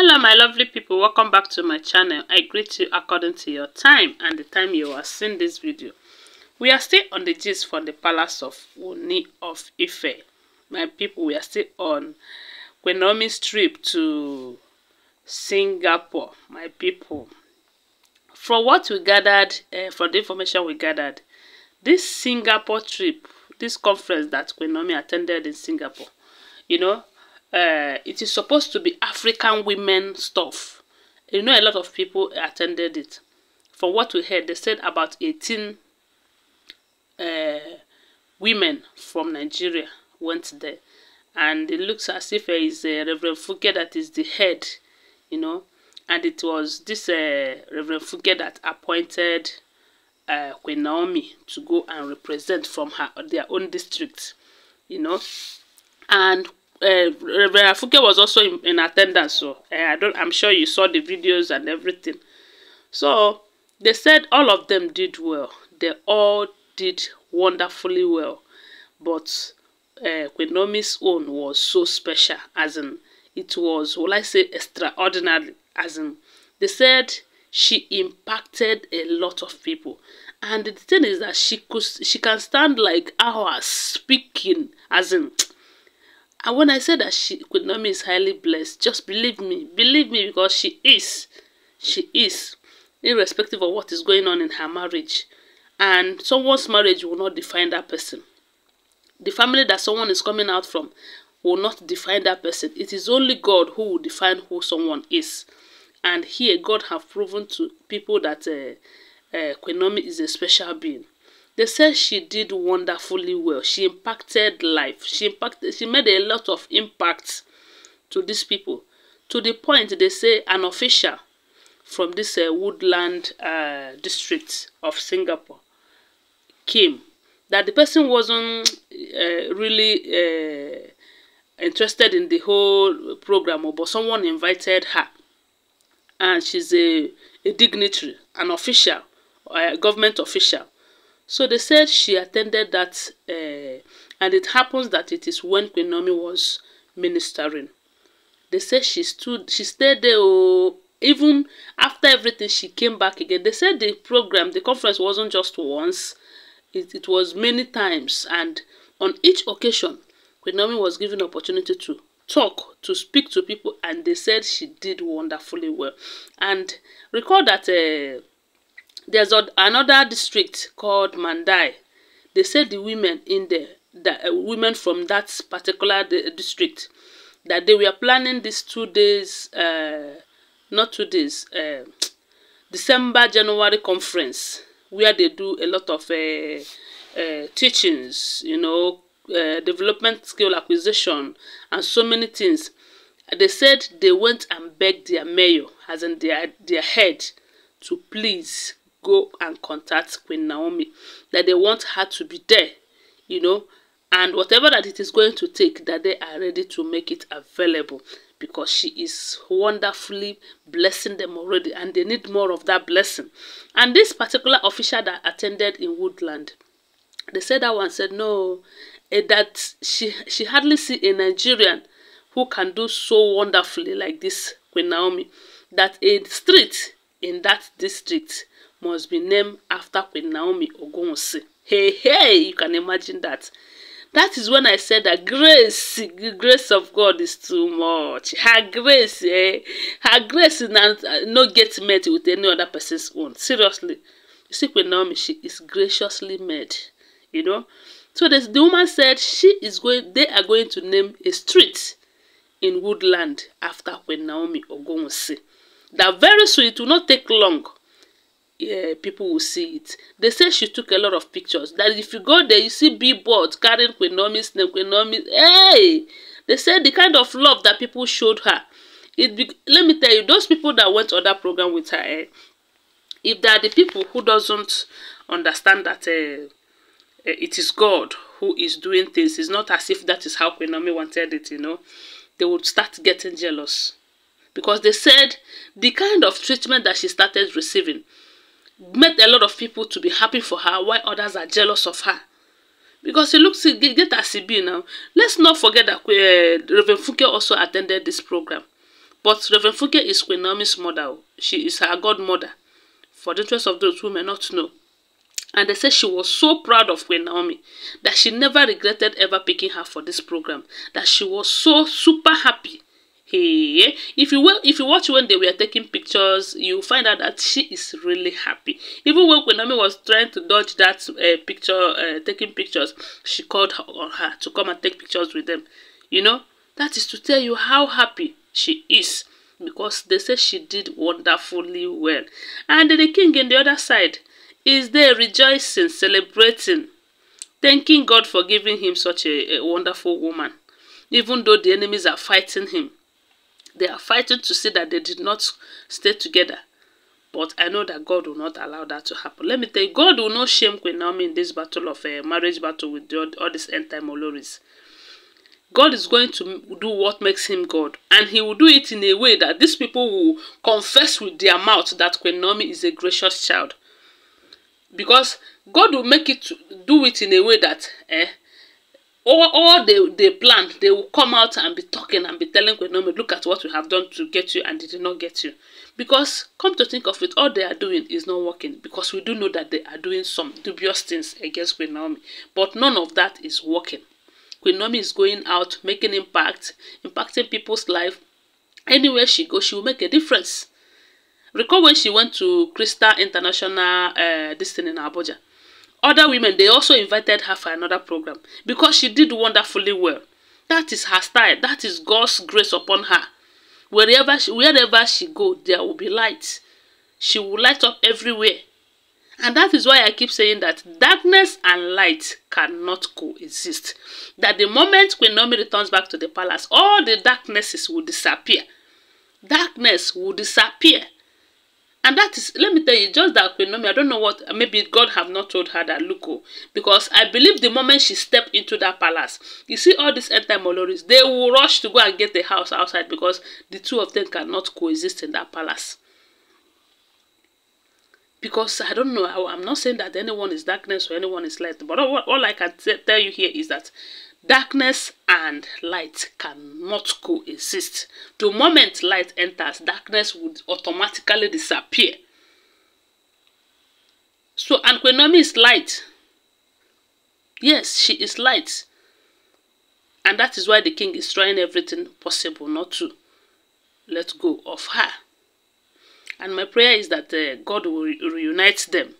hello my lovely people welcome back to my channel i greet you according to your time and the time you are seeing this video we are still on the gist from the palace of Wuni of Ife my people we are still on Queen trip to Singapore my people from what we gathered uh, from the information we gathered this Singapore trip this conference that Queen attended in Singapore you know uh, it is supposed to be African women stuff. You know, a lot of people attended it. From what we heard, they said about 18 uh, eh, women from Nigeria went there. And it looks as if there is a Reverend Fuke that is the head, you know. And it was this uh, Reverend Fuke that appointed uh, Queen Naomi to go and represent from her their own district, you know. And uh, Reverend Afuke was also in, in attendance, so uh, I don't, I'm sure you saw the videos and everything. So they said all of them did well. They all did wonderfully well, but uh, eh, Kwenomi's own was so special, as in it was, will I say, extraordinary, as in they said she impacted a lot of people and the thing is that she could she can stand like hours speaking as in And when I said that she Queen is highly blessed, just believe me. Believe me because she is. She is. Irrespective of what is going on in her marriage. And someone's marriage will not define that person. The family that someone is coming out from will not define that person. It is only God who will define who someone is. And here, God has proven to people that uh, uh, Queen is a special being. They said she did wonderfully well. She impacted life. She impacted. She made a lot of impact to these people. To the point they say an official from this uh, woodland uh, district of Singapore came that the person wasn't uh, really uh, interested in the whole program, but someone invited her, and she's a, a dignitary, an official, a uh, government official So they said she attended that, uh, and it happens that it is when Queen Naomi was ministering. They said she stood, she stayed there. Oh, even after everything, she came back again. They said the program, the conference wasn't just once; it, it was many times, and on each occasion, Queen Naomi was given opportunity to talk, to speak to people, and they said she did wonderfully well. And recall that. Uh, There's another district called Mandai. They say the women in there, the uh, women from that particular district, that they were planning these two days, uh, not two days, uh, December, January conference, where they do a lot of uh, uh, teachings, you know, development skill acquisition, and so many things. They said they went and begged their mayor, as in their, their head, to please go and contact Queen Naomi, that they want her to be there, you know, and whatever that it is going to take, that they are ready to make it available because she is wonderfully blessing them already and they need more of that blessing. And this particular official that attended in Woodland, they said that one said no, eh, that she, she hardly see a Nigerian who can do so wonderfully like this Queen Naomi, that a street in that district must be named after Queen Naomi Ogunwusi. Hey, hey, you can imagine that. That is when I said that grace, the grace of God is too much. Her grace, eh? Her grace is not, not get met with any other person's own. Seriously. You see, Queen Naomi, she is graciously made, you know. So this, the woman said she is going, they are going to name a street in Woodland after Queen Naomi Ogunwusi. That very soon, it will not take long yeah, people will see it. They say she took a lot of pictures. That if you go there, you see billboards carrying Queen name. Queen hey! They said the kind of love that people showed her. It be, let me tell you, those people that went on that program with her, eh, if they are the people who doesn't understand that eh, eh it is God who is doing things, it's not as if that is how Queen wanted it, you know, they would start getting jealous. Because they said the kind of treatment that she started receiving, made a lot of people to be happy for her while others are jealous of her because she looks get, get as she be now let's not forget that uh, Reverend Funke also attended this program but Reverend Funke is Queen Naomi's mother oh. she is her godmother for the interest of those who may not know and they say she was so proud of Queen Naomi that she never regretted ever picking her for this program that she was so super happy Hey, if you will, if you watch when they were taking pictures, you find out that she is really happy. Even when Konami was trying to dodge that uh, picture, uh, taking pictures, she called her, on her to come and take pictures with them. You know, that is to tell you how happy she is because they say she did wonderfully well. And the king in the other side is there rejoicing, celebrating, thanking God for giving him such a, a wonderful woman, even though the enemies are fighting him. They are fighting to see that they did not stay together. But I know that God will not allow that to happen. Let me tell you, God will not shame Queen Naomi in this battle of a uh, eh, marriage battle with the, all these end time Oloris. God is going to do what makes him God. And he will do it in a way that these people will confess with their mouth that Queen Naomi is a gracious child. Because God will make it do it in a way that eh, all, all they, they planned, they will come out and be talking and be telling Kwenome, look at what we have done to get you and they did not get you. Because, come to think of it, all they are doing is not working because we do know that they are doing some dubious things against Kwenome. But none of that is working. Kwenome is going out, making impact, impacting people's life. Anywhere she goes, she will make a difference. Recall when she went to Krista International, uh, this thing in Abuja Other women, they also invited her for another program because she did wonderfully well. That is her style. That is God's grace upon her. Wherever she, wherever she go, there will be light. She will light up everywhere. And that is why I keep saying that darkness and light cannot coexist. That the moment Queen Nomi returns back to the palace, all the darknesses will disappear. Darkness will disappear and that is let me tell you just that Queen i don't know what maybe god have not told her that look oh, because i believe the moment she stepped into that palace you see all these end time they will rush to go and get the house outside because the two of them cannot coexist in that palace because i don't know i'm not saying that anyone is darkness or anyone is light but all, all i can tell you here is that darkness and light cannot coexist. The moment light enters, darkness would automatically disappear. So Anquenomi is light. Yes, she is light. And that is why the king is trying everything possible not to let go of her. And my prayer is that uh, God will reunite them.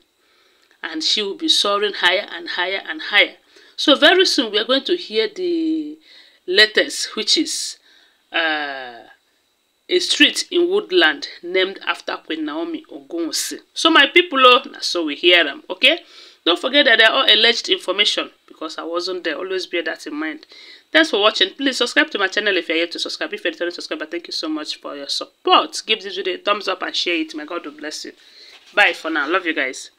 And she will be soaring higher and higher and higher. So very soon we are going to hear the Letters, which is uh, a street in Woodland named after Queen Naomi Ogunwusi. So my people, oh, so we hear them, okay? Don't forget that they are all alleged information because I wasn't there. Always bear that in mind. Thanks for watching. Please subscribe to my channel if you're yet to subscribe. If you're returning subscriber, thank you so much for your support. Give this video a thumbs up and share it. May God bless you. Bye for now. Love you guys.